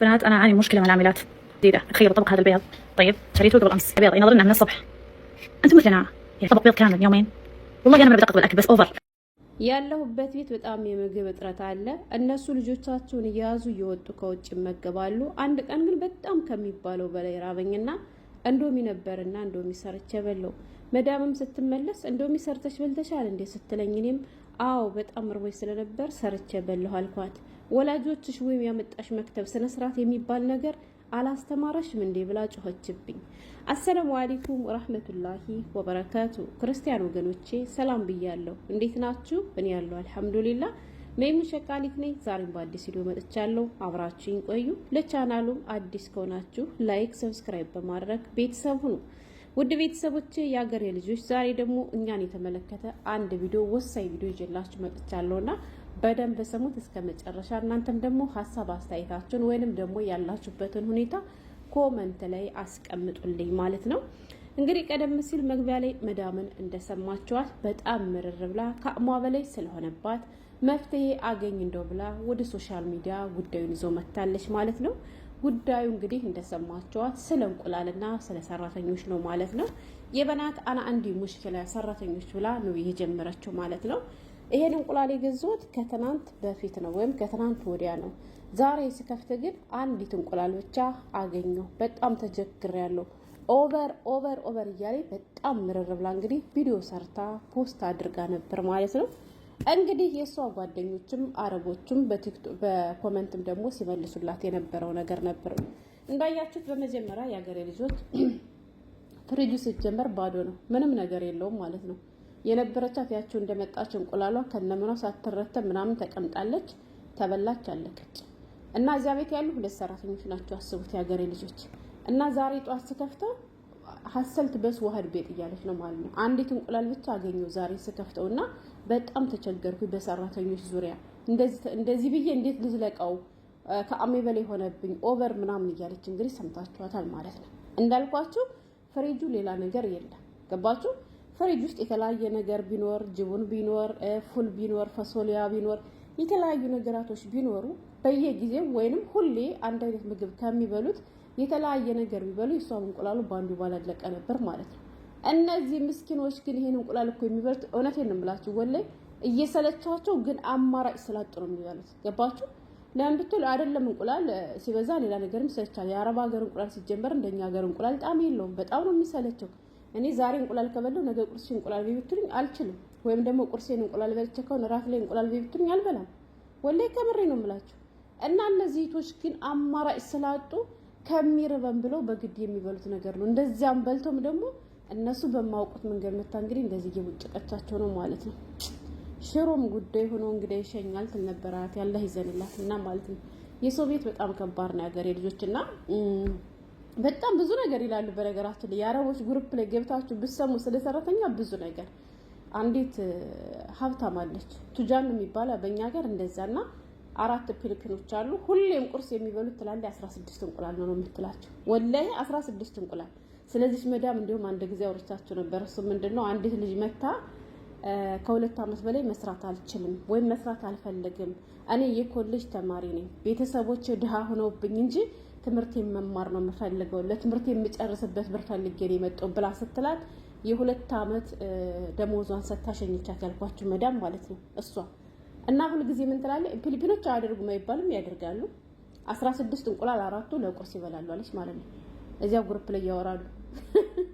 بنات انا اعاني مشكله مع العاملات جديده تخيل طبق هذا البيض طيب شريته قبل امس البيض ينظرنا من الصبح انتم مثلنا يعني طبق بيض كامل يومين والله انا ما بدقق بالاكل بس اوفر ያለሁበት ቤት በጣም የምግብ እጥረት አለ። እነሱ ልጆቻቸውን እየያዙ እየወጡ ከውጭ ይመገባሉ። አንድ ቀን ግን በጣም ከሚባለው በላይ ራበኝና እንዶሚ ነበርና እንዶሚ ሰርቼ በለው። መዳምም ስትመለስ እንዶሚ ሰርተሽ በልተሻል እንዴ ስትለኝ እኔም አዎ በጣም እርቦኝ ስለነበር ሰርቼ በለሁ አልኳት። ወላጆችሽ ወይም ያመጣሽ መክተብ ስነ ስርዓት የሚባል ነገር አላስተማረሽም እንዴ ብላ ጮኸችብኝ። አሰላሙ አሌይኩም ወራህመቱላሂ ወበረካቱ። ክርስቲያን ወገኖቼ ሰላም ብያለሁ። እንዴት ናችሁ? እኔ ያለሁ አልሐምዱሊላ። መይሙን ሸቃሊት ነኝ። ዛሬም በአዲስ ቪዲዮ መጥቻለሁ። አብራችሁኝ ቆዩ። ለቻናሉም አዲስ ከሆናችሁ ላይክ፣ ሰብስክራይብ በማድረግ ቤተሰብ ሁኑ። ውድ ቤተሰቦች የአገሬ ልጆች ዛሬ ደግሞ እኛን የተመለከተ አንድ ቪዲዮ ወሳኝ ቪዲዮ ይዤላችሁ መጥቻለሁና በደንብ ስሙት እስከ መጨረሻ። እናንተም ደግሞ ሀሳብ አስተያየታችሁን ወይንም ደግሞ ያላችሁበትን ሁኔታ ኮመንት ላይ አስቀምጡልኝ ማለት ነው። እንግዲህ ቀደም ሲል መግቢያ ላይ መዳምን እንደሰማችኋት በጣም ምርር ብላ ከአቅሟ በላይ ስለሆነባት መፍትሄ አገኝ እንደው ብላ ወደ ሶሻል ሚዲያ ጉዳዩን ይዞ መታለች ማለት ነው። ጉዳዩ እንግዲህ እንደሰማችኋት ስለ እንቁላልና ስለ ሰራተኞች ነው ማለት ነው። የበናት አና አንዲ ሙሽኪላ ሰራተኞች ብላ ነው የጀመረችው ማለት ነው። ይሄን እንቁላል የገዛሁት ከትናንት በፊት ነው ወይም ከትናንት ወዲያ ነው። ዛሬ ስከፍት ግን አንዲት እንቁላል ብቻ አገኘሁ። በጣም ተቸግሬያለሁ። ኦቨር ኦቨር ኦቨር እያሌ በጣም ምርር ብላ እንግዲህ ቪዲዮ ሰርታ ፖስት አድርጋ ነበር ማለት ነው። እንግዲህ የእሷ ጓደኞችም አረቦችም በኮመንትም ደግሞ ሲመልሱላት የነበረው ነገር ነበር። እንዳያችሁት በመጀመሪያ የሀገሬ ልጆች ፍሪጁ ሲጀመር ባዶ ነው፣ ምንም ነገር የለውም ማለት ነው። የነበረቻት ያቸው እንደመጣች እንቁላሏ ከነምኗ ሳትረተ ምናምን ተቀምጣለች። ተበላች፣ አለቀች። እና እዚያ ቤት ያሉ ሁለት ሰራተኞች ናቸው። አስቡት የሀገሬ ልጆች። እና ዛሬ ጠዋት ስከፍተው ሀሰልት በስ ዋህድ ቤት እያለች ነው ማለት ነው። አንዲት እንቁላል ብቻ አገኘው ዛሬ ስከፍተው እና በጣም ተቸገርኩ። በሰራተኞች ዙሪያ እንደዚህ ብዬ እንዴት ልዝለቀው ከአሜ በላይ ሆነብኝ ኦቨር ምናምን እያለች እንግዲህ ሰምታችኋታል ማለት ነው። እንዳልኳችሁ ፍሬጁ ሌላ ነገር የለም ገባችሁ? ፍሪጅ ውስጥ የተለያየ ነገር ቢኖር ጅቡን ቢኖር ፉል ቢኖር ፈሶሊያ ቢኖር የተለያዩ ነገራቶች ቢኖሩ በየጊዜው ወይንም ሁሌ አንድ አይነት ምግብ ከሚበሉት የተለያየ ነገር ቢበሉ እሷም እንቁላሉ በአንዱ ባላለቀ ነበር ማለት ነው። እነዚህ ምስኪኖች ግን ይሄን እንቁላል እኮ የሚበሉት እውነቴን ነው የምላችሁ ወላሂ እየሰለቻቸው ግን አማራጭ ስላጡ ነው የሚበሉት። ገባችሁ? ለምን ብትሉ አይደለም እንቁላል ሲበዛ ሌላ ነገርም ይሰለቻል። የአረብ ሀገር እንቁላል ሲጀመር እንደኛ ሀገር እንቁላል ጣም የለውም። በጣም ነው የሚሰለቸው። እኔ ዛሬ እንቁላል ከበላሁ ነገ ቁርስ እንቁላል ብይ አልችልም። ወይም ደግሞ ቁርሴን እንቁላል በልቼ ከሆነ ራት ላይ እንቁላል ብይ ብትሉኝ አልበላም። ወላሂ ከምሬ ነው የምላቸው። እና እነዚህ እህቶች ግን አማራጭ ስላጡ ከሚርበን ብለው በግድ የሚበሉት ነገር ነው። እንደዚያም በልተውም ደግሞ እነሱ በማውቁት መንገድ መታ እንግዲህ እንደዚህ የውጭቀቻቸው ነው ማለት ነው። ሽሮም ጉዳይ ሆኖ እንግዲህ ይሸኛል ትል ነበራት ያለ ይዘንላት እና ማለት ነው። የሰው ቤት በጣም ከባድ ነው ያገሬ ልጆች እና በጣም ብዙ ነገር ይላሉ። በነገራችን ላይ የአረቦች ግሩፕ ላይ ገብታችሁ ብሰሙ ስለ ሰራተኛ ብዙ ነገር። አንዲት ሀብታም አለች ቱጃን የሚባላ በእኛ ሀገር እንደዛና አራት ፒልፒኖች አሉ። ሁሌም ቁርስ የሚበሉት ትላለች አስራ ስድስት እንቁላል ነው የምትላቸው። ወላሂ አስራ ስድስት እንቁላል። ስለዚች መዳም እንዲሁም አንድ ጊዜ አውርቻቸው ነበር። እሱ ምንድን ነው አንዲት ልጅ መታ ከሁለት ዓመት በላይ መስራት አልችልም ወይም መስራት አልፈልግም። እኔ የኮሌጅ ተማሪ ነኝ። ቤተሰቦች ድሃ ሆነውብኝ እንጂ ትምህርት የመማር ነው የምፈልገው ለትምህርት የምጨርስበት ብር ፈልጌ ነው የመጣው ብላ ስትላት የሁለት አመት ደሞዟን ሰታ ሸኘቻት። ያልኳችሁ መዳም ማለት ነው እሷ እና ሁልጊዜ ምን ትላለች? ፊሊፒኖች አያደርጉም አይባልም፣ ያደርጋሉ። አስራ ስድስት እንቁላል አራቱ ለቁርስ ይበላሉ አለች ማለት ነው። እዚያ ጉርፕ ላይ ያወራሉ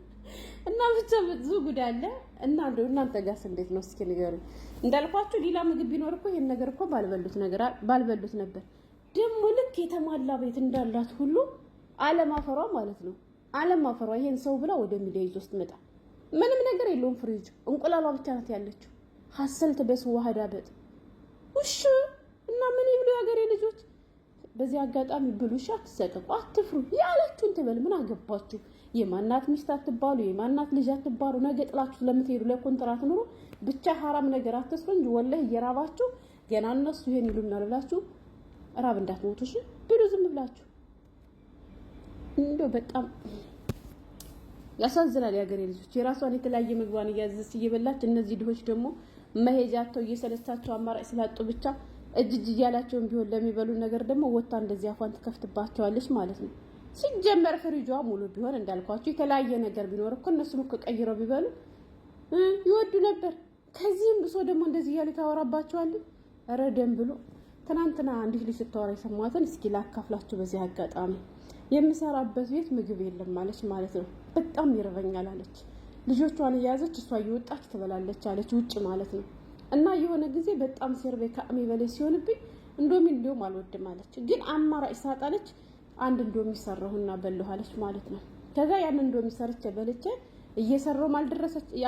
እና ብቻ ብዙ ጉድ አለ እና እንደው እናንተ ጋርስ እንዴት ነው? እስኪ ንገሩኝ። እንዳልኳችሁ ሌላ ምግብ ቢኖር እኮ ይሄን ነገር እኮ ባልበሉት ነገር ባልበሉት ነበር። ደግሞ ልክ የተሟላ ቤት እንዳላት ሁሉ አለማፈሯ ማለት ነው። አለማፈሯ ይሄን ሰው ብላ ወደ ሚዲያ ይዞ ስትመጣ ምንም ነገር የለውም። ፍሪጅ እንቁላሏ ብቻ ናት ያለችው። ሀሰል ትበስ ዋህዳ በጥ ውሽ እና ምን ይብሉ የሀገሬ ልጆች። በዚህ አጋጣሚ ብሉሽ፣ አትሰቀቁ፣ አትፍሩ። ያላችሁን ትበል። ምን አገባችሁ? የማናት ሚስት አትባሉ፣ የማናት ልጅ አትባሉ። ነገ ጥላችሁ ለምትሄዱ ለኮንትራት ኑሮ ብቻ ሀራም ነገር አትስሩ እንጂ ወላህ እየራባችሁ ገና እነሱ ይሄን ይሉናል ብላችሁ ራብ እንዳትሞቱ እሺ ብሉ ዝም ብላችሁ። እንዶ በጣም ያሳዝናል። የሀገሬ ልጆች የራሷን የተለያየ ምግቧን እያዘዝ እየበላች፣ እነዚህ ድሆች ደግሞ መሄጃቸው እየሰለቻቸው አማራጭ ስላጡ ብቻ እጅ እጅ እያላቸውን ቢሆን ለሚበሉ ነገር ደግሞ ወታ እንደዚህ አፏን ትከፍትባቸዋለች ማለት ነው። ሲጀመር ፍሪጇ ሙሉ ቢሆን እንዳልኳቸው የተለያየ ነገር ቢኖር እኮ እነሱም እኮ ቀይረው ቢበሉ ይወዱ ነበር። ከዚህም ብሶ ደግሞ እንደዚህ እያሉ ታወራባቸዋለች። ኧረ ደም ብሎ ትናንትና እንዲህ ልጅ ስታወራ የሰማትን እስኪ ላካፍላችሁ። በዚህ አጋጣሚ የምሰራበት ቤት ምግብ የለም አለች ማለት ነው። በጣም ይርበኛል አለች። ልጆቿን እያያዘች እሷ እየወጣች ትበላለች አለች፣ ውጭ ማለት ነው። እና የሆነ ጊዜ በጣም ሴርቤ ከአቅሜ በላይ ሲሆንብኝ እንዶሚ እንዲሁም አልወድም አለች። ግን አማራጭ ሳጣለች አንድ እንዶሚ ሰራሁና በላሁ አለች ማለት ነው። ከዛ ያን እንዶሚ ሰርቼ በልቼ እየሰራሁም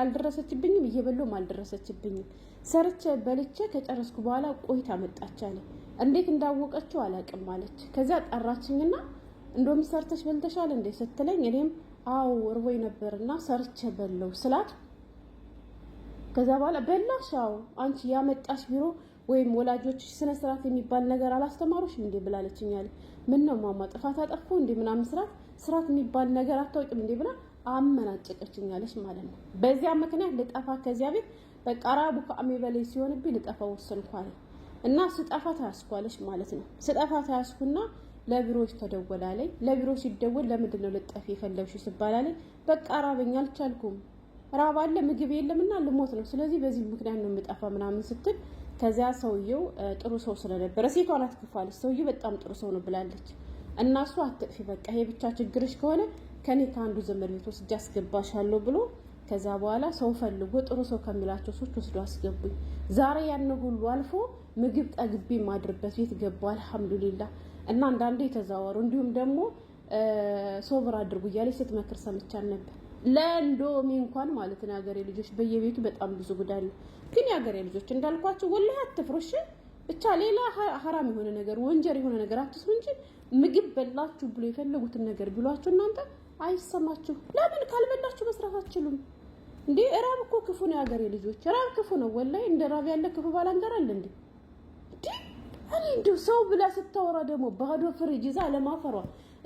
አልደረሰችብኝም፣ እየበላሁም አልደረሰችብኝም። ሰርቼ በልቼ ከጨረስኩ በኋላ ቆይታ መጣች አለ። እንዴት እንዳወቀችው አላውቅም አለች። ከዚያ ጠራችኝና እንደውም ሰርተሽ በልተሻል እንዴ ስትለኝ እኔም አዎ እርቦኝ ነበርና ሰርቼ በለው ስላት ከዛ በኋላ በላሽ? አዎ አንቺ ያመጣሽ ቢሮ ወይም ወላጆች ስነ ስርዓት የሚባል ነገር አላስተማሮች እንዴ ብላለችኝ አለ። ምን ነው ማማ ጥፋት አጠፉ እንዴ ምናምን ስራት ስርዓት የሚባል ነገር አታውቂም እንዴ ብላ አመናጨቀችኛለች ማለት ነው። በዚያ ምክንያት ልጠፋ ከዚያ ቤት በቃ ራቡ ከአሜ በላይ ሲሆንብኝ ልጠፋ ወሰንኳል እና ስጠፋ ታያስኳለች ማለት ነው። ስጠፋ ታያስኩና ለቢሮዎች ተደወላለኝ። ለቢሮ ሲደወል ለምንድን ነው ልጠፊ የፈለግሽ ስባላለኝ። በቃ ራበኝ አልቻልኩም፣ ራብ አለ ምግብ የለምና ልሞት ነው። ስለዚህ በዚህ ምክንያት ነው የምጠፋ ምናምን ስትል ከዚያ ሰውየው ጥሩ ሰው ስለነበረ ሴቷን አትክፋለች። ሰውየው በጣም ጥሩ ሰው ነው ብላለች። እና እሱ አትጥፊ፣ በቃ ይሄ ብቻ ችግርሽ ከሆነ ከኔ ከአንዱ ዘመድ ቤት ወስጄ አስገባሻለሁ ብሎ ከዛ በኋላ ሰው ፈልጎ ጥሩ ሰው ከሚላቸው ሰዎች ወስዶ አስገቡኝ። ዛሬ ያን ሁሉ አልፎ ምግብ ጠግቤ ማድርበት ቤት ገባሁ። አልሐምዱሊላ እና አንዳንዱ የተዛወሩ እንዲሁም ደግሞ ሶብር አድርጉ እያለች ስትመክር ሰምቻል ነበር። ለእንዶሚ እንኳን ማለት ነው የሀገሬ ልጆች በየቤቱ በጣም ብዙ ጉዳይ ነው። ግን የሀገሬ ልጆች እንዳልኳቸው ወላሂ አትፍሮሽ ብቻ ሌላ ሀራም የሆነ ነገር ወንጀር የሆነ ነገር አትስሩ እንጂ ምግብ በላችሁ ብሎ የፈለጉትን ነገር ቢሏችሁ እናንተ አይሰማችሁ። ለምን ካልበላችሁ መስራት አትችሉም? እንዴ ራብ እኮ ክፉ ነው። የሀገሬ ልጆች ራብ ክፉ ነው። ወላይ እንደ ራብ ያለ ክፉ ባላንጋር አለ እንዴ? እኔ እንደው ሰው ብላ ስታወራ ደግሞ ባዶ ፍሪጅ ይዛ ለማፈሯ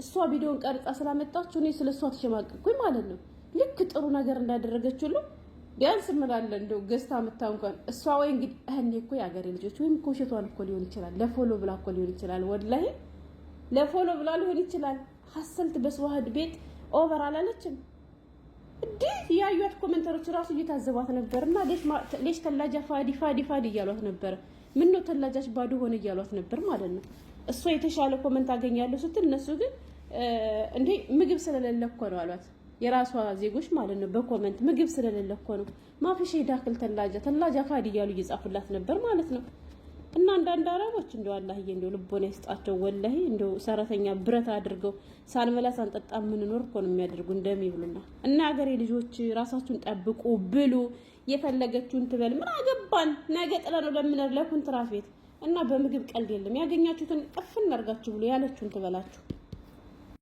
እሷ ቪዲዮን ቀርጻ ስላመጣችሁ እኔ ስለ እሷ ተሸማቀቅኩኝ ማለት ነው። ልክ ጥሩ ነገር እንዳደረገችው ሁሉ ቢያንስ እምላለሁ እንደው ገዝታ መታ እንኳን እሷ ወይ እንግዲህ እኔ እኮ የሀገሬ ልጆች ወይም እኮ ውሸቷን እኮ ሊሆን ይችላል። ለፎሎ ብላ እኮ ሊሆን ይችላል። ወላይ ለፎሎ ብላ ሊሆን ይችላል። ሀሰልት በስዋህድ ቤት ኦቨር አላለችም። እንዴት ያዩት ኮመንተሮች ራሱ እየታዘቧት ነበር እና ሌሽ ተላጃ ፋዲ ፋዲ ፋዲ እያሏት ነበር ምን ነው ተላጃች ባዶ ሆነ እያሏት ነበር ማለት ነው። እሷ የተሻለ ኮመንት አገኛለሁ ስትል እነሱ ግን እንዴ ምግብ ስለሌለ እኮ ነው አሏት። የራሷ ዜጎች ማለት ነው። በኮመንት ምግብ ስለሌለ እኮ ነው ማፍሽ ዳክል ተላጃ ተላጃ ፋዲ እያሉ እየጻፉላት ነበር ማለት ነው። እና አንዳንድ አረቦች እንደው አላህዬ እንደው ልቦና ይስጣቸው። ወላሂ እንደው ሰራተኛ ብረት አድርገው ሳንበላ ሳንጠጣ የምንኖር እኮ ነው የሚያደርጉ እንደሚብሉና እና ሀገሬ ልጆች ራሳችሁን ጠብቁ፣ ብሉ፣ የፈለገችውን ትበል። ምን አገባን? ነገ ጥለነው ለምነር ለኩንትራት ቤት እና በምግብ ቀልድ የለም። ያገኛችሁትን ቅፍን አድርጋችሁ ብሎ ያለችሁን ትበላችሁ።